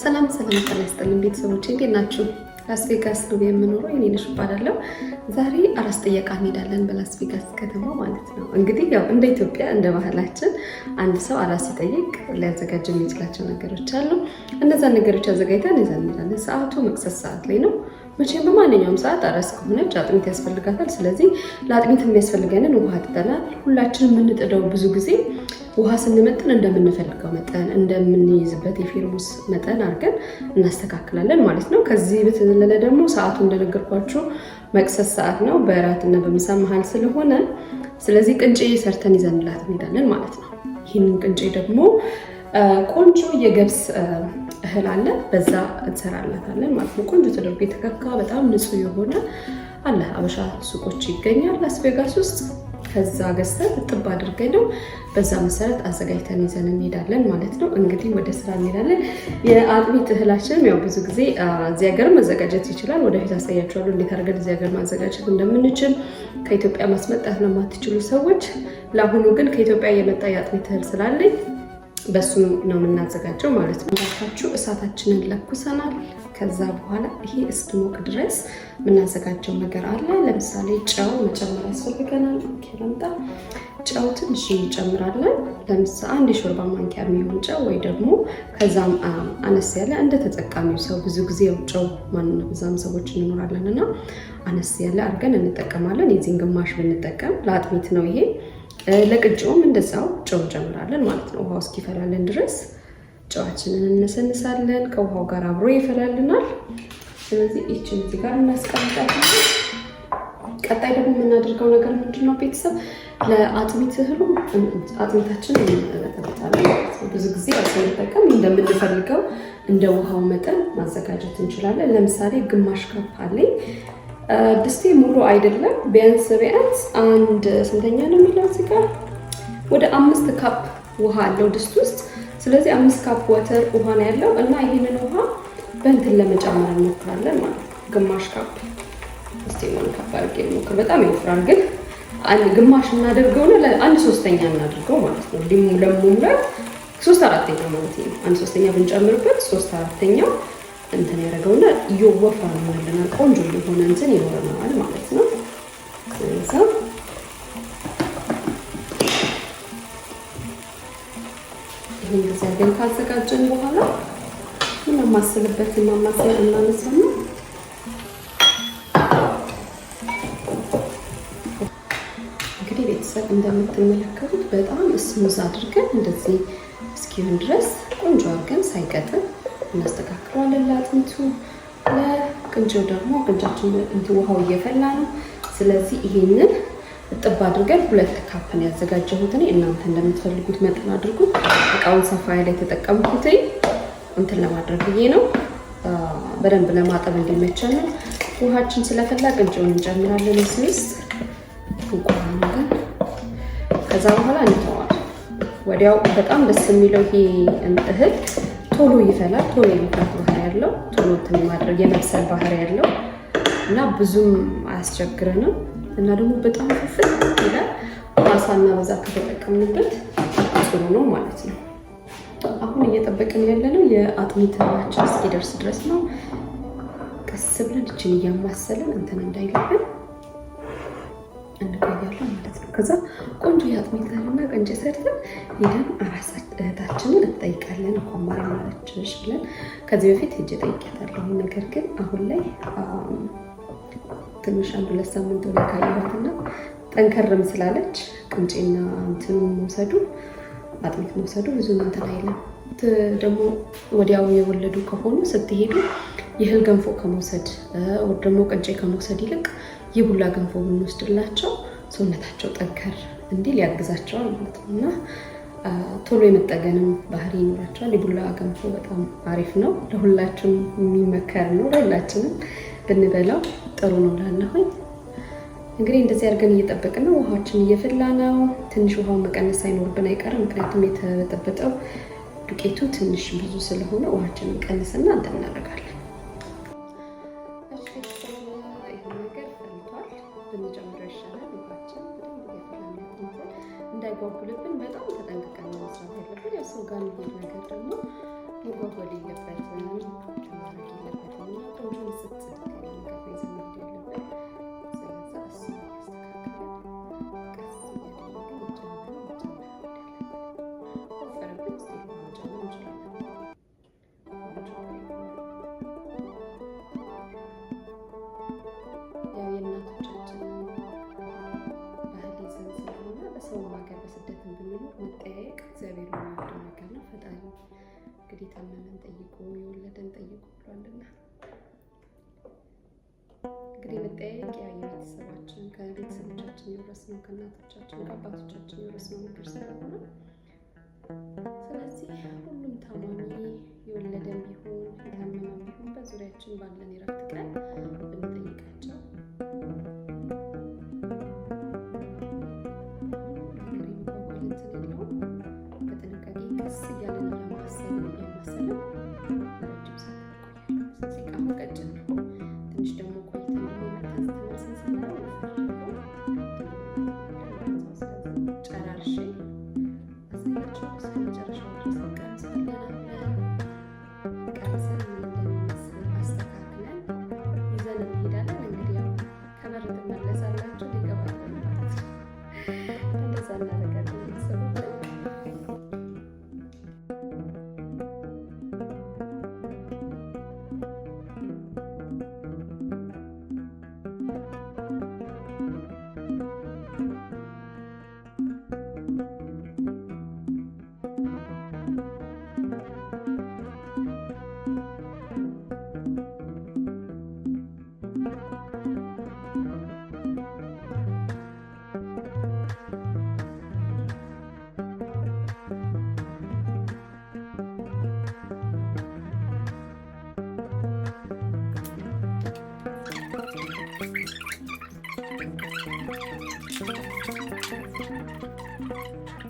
ሰላም ሰላም፣ ጤና ይስጥልኝ ቤተሰቦቼ፣ እንዴት ናችሁ? ላስ ቬጋስ ነው የምኖረው። እኔ ነሽ እባላለሁ። ዛሬ አራስ ጥየቃ እንሄዳለን በላስ ቬጋስ ከተማ ማለት ነው። እንግዲህ ያው እንደ ኢትዮጵያ እንደ ባህላችን አንድ ሰው አራስ ሲጠይቅ ሊያዘጋጅ የሚችላቸው ነገሮች አሉ። እነዛን ነገሮች አዘጋጅተን ይዘን እንሄዳለን። ሰዓቱ መቅሰስ ሰዓት ላይ ነው። መቼም በማንኛውም ሰዓት አራስ ከሆነች አጥሚት ያስፈልጋታል። ስለዚህ ለአጥሚት የሚያስፈልገንን ውሃ ትጠናል። ሁላችን የምንጥደው ብዙ ጊዜ ውሃ ስንመጥን እንደምንፈልገው መጠን እንደምንይዝበት የፌርሙስ መጠን አድርገን እናስተካክላለን ማለት ነው። ከዚህ በተዘለለ ደግሞ ሰዓቱ እንደነገርኳችሁ መቅሰስ ሰዓት ነው፣ በእራትና በምሳ መሀል ስለሆነ ስለዚህ ቅንጭ ሰርተን ይዘንላት እንሄዳለን ማለት ነው። ይህንን ቅንጭ ደግሞ ቆንጆ የገብስ እህል አለ፣ በዛ እንሰራላታለን ማለት ነው። ቆንጆ ተደርጎ የተከካ በጣም ንጹህ የሆነ አለ፣ አበሻ ሱቆች ይገኛል ላስ ውስጥ ከዛ ገዝተን እጥብ አድርገን ነው በዛ መሰረት አዘጋጅተን ይዘን እንሄዳለን ማለት ነው። እንግዲህ ወደ ስራ እንሄዳለን። የአጥሚት እህላችንም ያው ብዙ ጊዜ እዚህ ሀገር መዘጋጀት ይችላል። ወደፊት አሳያችኋለሁ እንዴት አድርገን እዚህ ሀገር ማዘጋጀት እንደምንችል። ከኢትዮጵያ ማስመጣት ነው ሰዎች፣ ለአሁኑ ግን ከኢትዮጵያ የመጣ የአጥሚት እህል ስላለኝ በሱም ነው የምናዘጋጀው ማለት ነው። እንዳልኳችሁ እሳታችንን ለኩሰናል። ከዛ በኋላ ይሄ እስኪሞቅ ድረስ የምናዘጋጀው ነገር አለ። ለምሳሌ ጨው መጨመር ያስፈልገናል። ኬረምጣ ጨው ትንሽ እንጨምራለን። ለምሳ አንድ የሾርባ ማንኪያ የሚሆን ጨው ወይ ደግሞ ከዛም አነስ ያለ እንደ ተጠቃሚው ሰው ብዙ ጊዜ ያው ጨው ማንነ ብዛም ሰዎች እንኖራለን እና አነስ ያለ አድርገን እንጠቀማለን። የዚህን ግማሽ ብንጠቀም ለአጥሚት ነው ይሄ ለቅጫውም እንደዛው ጨው እንጨምራለን ማለት ነው። ውሃው እስኪፈላልን ድረስ ጨዋችንን እንሰንሳለን። ከውሃው ጋር አብሮ ይፈላልናል። ስለዚህ ይችን እዚህ ጋር እናስቀምጣለን። ቀጣይ ደግሞ የምናደርገው ነገር ምንድን ነው? ቤተሰብ ለአጥሚት እህሉ አጥሚታችን እንመለከታለን። ብዙ ጊዜ አስንጠቀም እንደምንፈልገው እንደ ውሃው መጠን ማዘጋጀት እንችላለን። ለምሳሌ ግማሽ ካፕ አለኝ ድስቴ ሙሉ አይደለም። ቢያንስ ቢያንስ አንድ ስንተኛ ነው የሚለው እዚህ ጋር ወደ አምስት ካፕ ውሃ አለው ድስት ውስጥ። ስለዚህ አምስት ካፕ ወተር ውሃ ነው ያለው እና ይህንን ውሃ በእንትን ለመጨመር እንሞክራለን ማለት ነው። ግማሽ ካፕ እስቲ ሆን ካፕ አድርጌ እንሞክር። በጣም ይወፍራል ግን ግማሽ እናደርገው ነው አንድ ሶስተኛ እናደርገው ማለት ነው። ሊሙ ለሙላት ሶስት አራተኛ ማለት ነው። አንድ ሶስተኛ ብንጨምርበት ሶስት አራተኛው እንትን ያደረገውና እየወፈር ያለና ቆንጆ የሆነ እንትን ይኖረናል ማለት ነው። ከዛ ይህን ጊዜ ግን ካዘጋጀን በኋላ ምን ማማስልበት ማማሰል ነው። እንግዲህ ቤተሰብ እንደምትመለከቱት በጣም ስሙዝ አድርገን እንደዚህ እስኪሆን ድረስ ቆንጆ አድርገን ሳይቀጥል እናስተካክለዋለን። ለአጥንቱ ለቅንጭው ደግሞ ቅንጫችን እንትን ውሃው እየፈላ ነው። ስለዚህ ይሄንን እጥብ አድርገን ሁለት ካፕን ያዘጋጀሁት እኔ እናንተ እንደምትፈልጉት መጠን አድርጉት። እቃውን ሰፋ ያለ የተጠቀምኩት እንትን ለማድረግ ብዬ ነው፣ በደንብ ለማጠብ እንዲመቸን ነው። ውሃችን ስለፈላ ቅንጭውን እንጨምራለን። ስስ ውስጥ ከዛ በኋላ እንተዋል። ወዲያው በጣም ደስ የሚለው ይሄ እህል ቶሎ ይፈላል። ቶሎ የሚፈት ባህሪ ያለው ቶሎ እንትን ማድረግ የመብሰል ባህሪ ያለው እና ብዙም አያስቸግርንም እና ደግሞ በጣም ፍፍል ይላል። ማሳና በዛ ከተጠቀምንበት ጥሩ ነው ማለት ነው። አሁን እየጠበቅን ያለነው የአጥሚታችን እስኪደርስ ድረስ ነው። ቀስ ብለን እችን እያማሰለን እንትን እንዳይለብን እንቆያለን ማለት ነው። ከዛ ቆንጆ የአጥሜታልና ቅንጭ ሰርተን ሄደን አራሳት እህታችንን እንጠይቃለን። እንኳን ማርያም አለችሽ ብለን ከዚህ በፊት ሄጄ ጠይቄታለሁ። ነገር ግን አሁን ላይ ትንሽ አንድ ሁለት ሳምንት ሆነ ካየኋትና ጠንከርም ስላለች ቅንጭና እንትን መውሰዱ አጥሚት መውሰዱ ብዙ እንትን አይለም። ደግሞ ወዲያው የወለዱ ከሆኑ ስትሄዱ የእህል ገንፎ ከመውሰድ ወይ ደግሞ ቅንጬ ከመውሰድ ይልቅ የቡላ ገንፎ ብንወስድላቸው ሰውነታቸው ጠንከር እንዲል ያግዛቸዋል ማለት ነው እና ቶሎ የመጠገንም ባህሪ ይኖራቸዋል። የቡላ ገንፎ በጣም አሪፍ ነው፣ ለሁላችንም የሚመከር ነው። ለሁላችንም ብንበላው ጥሩ ነው ላለሁኝ እንግዲህ እንደዚህ አድርገን እየጠበቅን ነው። ውሃዎችን እየፈላ ነው። ትንሽ ውሃውን መቀነስ አይኖርብን አይቀርም፣ ምክንያቱም የተበጠበጠው ዱቄቱ ትንሽ ብዙ ስለሆነ ውሃችንን ቀንስና እንትን እናደርጋለን። መውለድ የታመመን ጠይቁ፣ የወለደን ጠይቁ ብሏልና እንግዲህ መጠያየቅ ያ የቤተሰባችን ከቤተሰቦቻችን የወረስነው ከእናቶቻችን ከአባቶቻችን የወረስነው ነገር ስለሆነ ስለዚህ ሁሉም ታማሚ የወለደን ቢሆን የታመመ ቢሆን በዙሪያችን ባለን የረፍት ቀን ብንጠይቃቸው ነገር የሚባባል በጥንቃቄ ቀስ Thank you.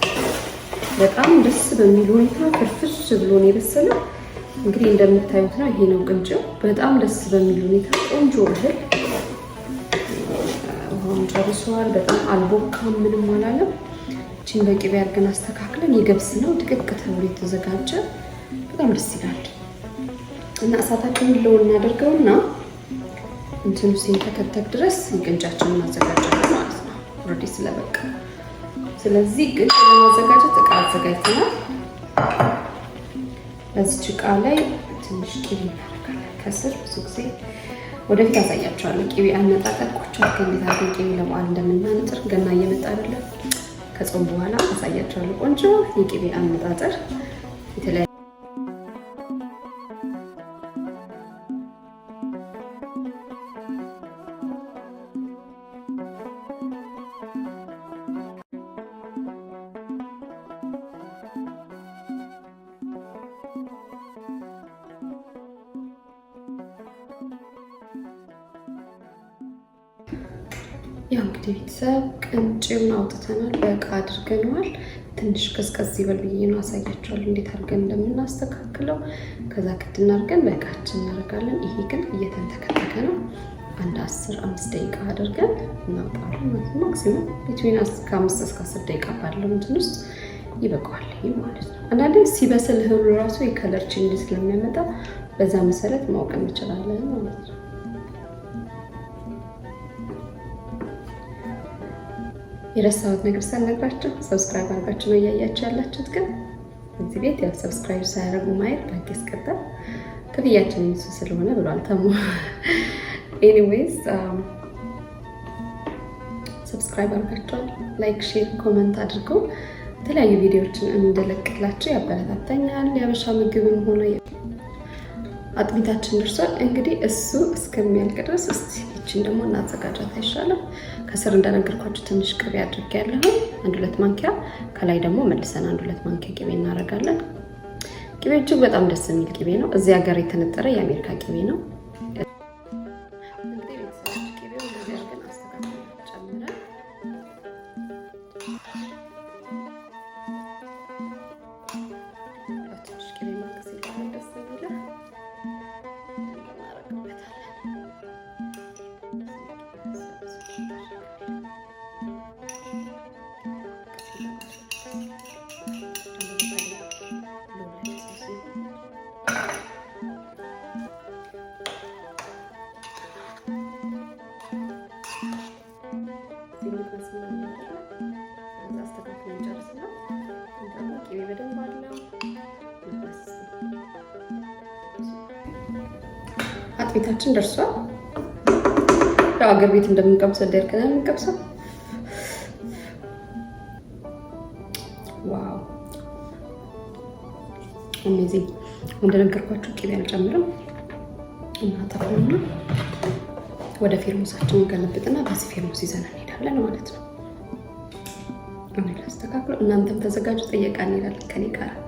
በጣም ደስ በሚል ሁኔታ ፍርፍር ብሎ ነው የበሰለው። እንግዲህ እንደምታዩት ነው። ይሄ ነው ቅንጭው። በጣም ደስ በሚል ሁኔታ ቆንጆ እህል ውሃውን ጨርሰዋል። በጣም አልቦካም፣ ምንም አላለም። እችን በቅቤ አድርገን አስተካክለን የገብስ ነው ድቅቅ ተብሎ የተዘጋጀ በጣም ደስ ይላል እና እሳታችን ለው እናደርገውና እንትኑ ሲንተከተክ ድረስ ቅንጫችን እናዘጋጃለን ማለት ነው። ኦልሬዲ ስለበቃ ስለዚህ ግን ለማዘጋጀት እቃ አዘጋጅተናል። በዚች እቃ ላይ ትንሽ ቂቤ እናደርጋለን። ከስር ብዙ ጊዜ ወደፊት አሳያቸዋለሁ። ቂቤ አነጣጠር ከእንዴት አድርገን ቂቤ ለበዓል እንደምናንጥር ገና እየመጣ አይደለም። ከጾም በኋላ አሳያቸዋለሁ። ቆንጆ የቂቤ አነጣጠር የተለያዩ ያው እንግዲህ ቤተሰብ ቅንጭውን አውጥተናል፣ በእቃ አድርገነዋል። ትንሽ ቀዝቀዝ ይበል ብዬ ነው አሳያቸዋል፣ እንዴት አድርገን እንደምናስተካክለው። ከዛ ክድ እናድርገን በእቃችን እናደርጋለን። ይሄ ግን እየተንተከተከ ነው። አንድ አስር አምስት ደቂቃ አድርገን እናውጣለን ማለት ነው። ማክሲመም ከአምስት እስከ አስር ደቂቃ ባለው እንትን ውስጥ ይበቃዋል። ይህ ማለት ነው። አንዳንዴ ሲበስል እህሉ ራሱ የከለር ቼንጅ ስለሚያመጣ በዛ መሰረት ማወቅ እንችላለን ማለት ነው። የረሳሁት ነገር ሳልነግራችሁ ሰብስክራይብ አድርጋችሁ ነው እያያችሁ ያላችሁት። ግን እዚህ ቤት ያው ሰብስክራይብ ሳያደርጉ ማየት በህግ ያስቀጣል። ክፍያችን እሱ ስለሆነ ብሏል ተሙ። ኤኒዌይስ ሰብስክራይብ um, አድርጋችኋል። ላይክ፣ ሼር፣ ኮመንት አድርገው የተለያዩ ቪዲዮዎችን እንደለቅላችሁ ያበረታተኛል የሀበሻ ምግብም ሆነ አጥቢታችን ደርሷል። እንግዲህ እሱ እስከሚያልቅ ድረስ እስቲ እችን ደግሞ እናዘጋጃት አይሻልም? ከስር እንደነገርኳችሁ ትንሽ ቅቤ አድርጌ ያለሁ አንድ ሁለት ማንኪያ፣ ከላይ ደግሞ መልሰን አንድ ሁለት ማንኪያ ቅቤ እናደርጋለን። ቅቤ እጅግ በጣም ደስ የሚል ቅቤ ነው። እዚህ ሀገር የተነጠረ የአሜሪካ ቅቤ ነው። ድረስ ምናምን ያደርጋል። እዛ አስተካክለን ጨርስና እንጠቁ ቅቤ በደንብ አለው አጥቤታችን ደርሷል። አገር ቤት እንደምንቀብሰው ደርቀን የምንቀብሰው ዋው እነዚህ እንደነገርኳችሁ ቅቤ አልጨምርም እና ወደ ፌርሙሳችን ገለብጥና በዚህ ፌርሙስ ይዘናል። እንሄዳለን ማለት ነው። እኔ ላስተካክለው፣ እናንተም ተዘጋጁ፣ ጥየቃ እንሄዳለን ከኔ ጋር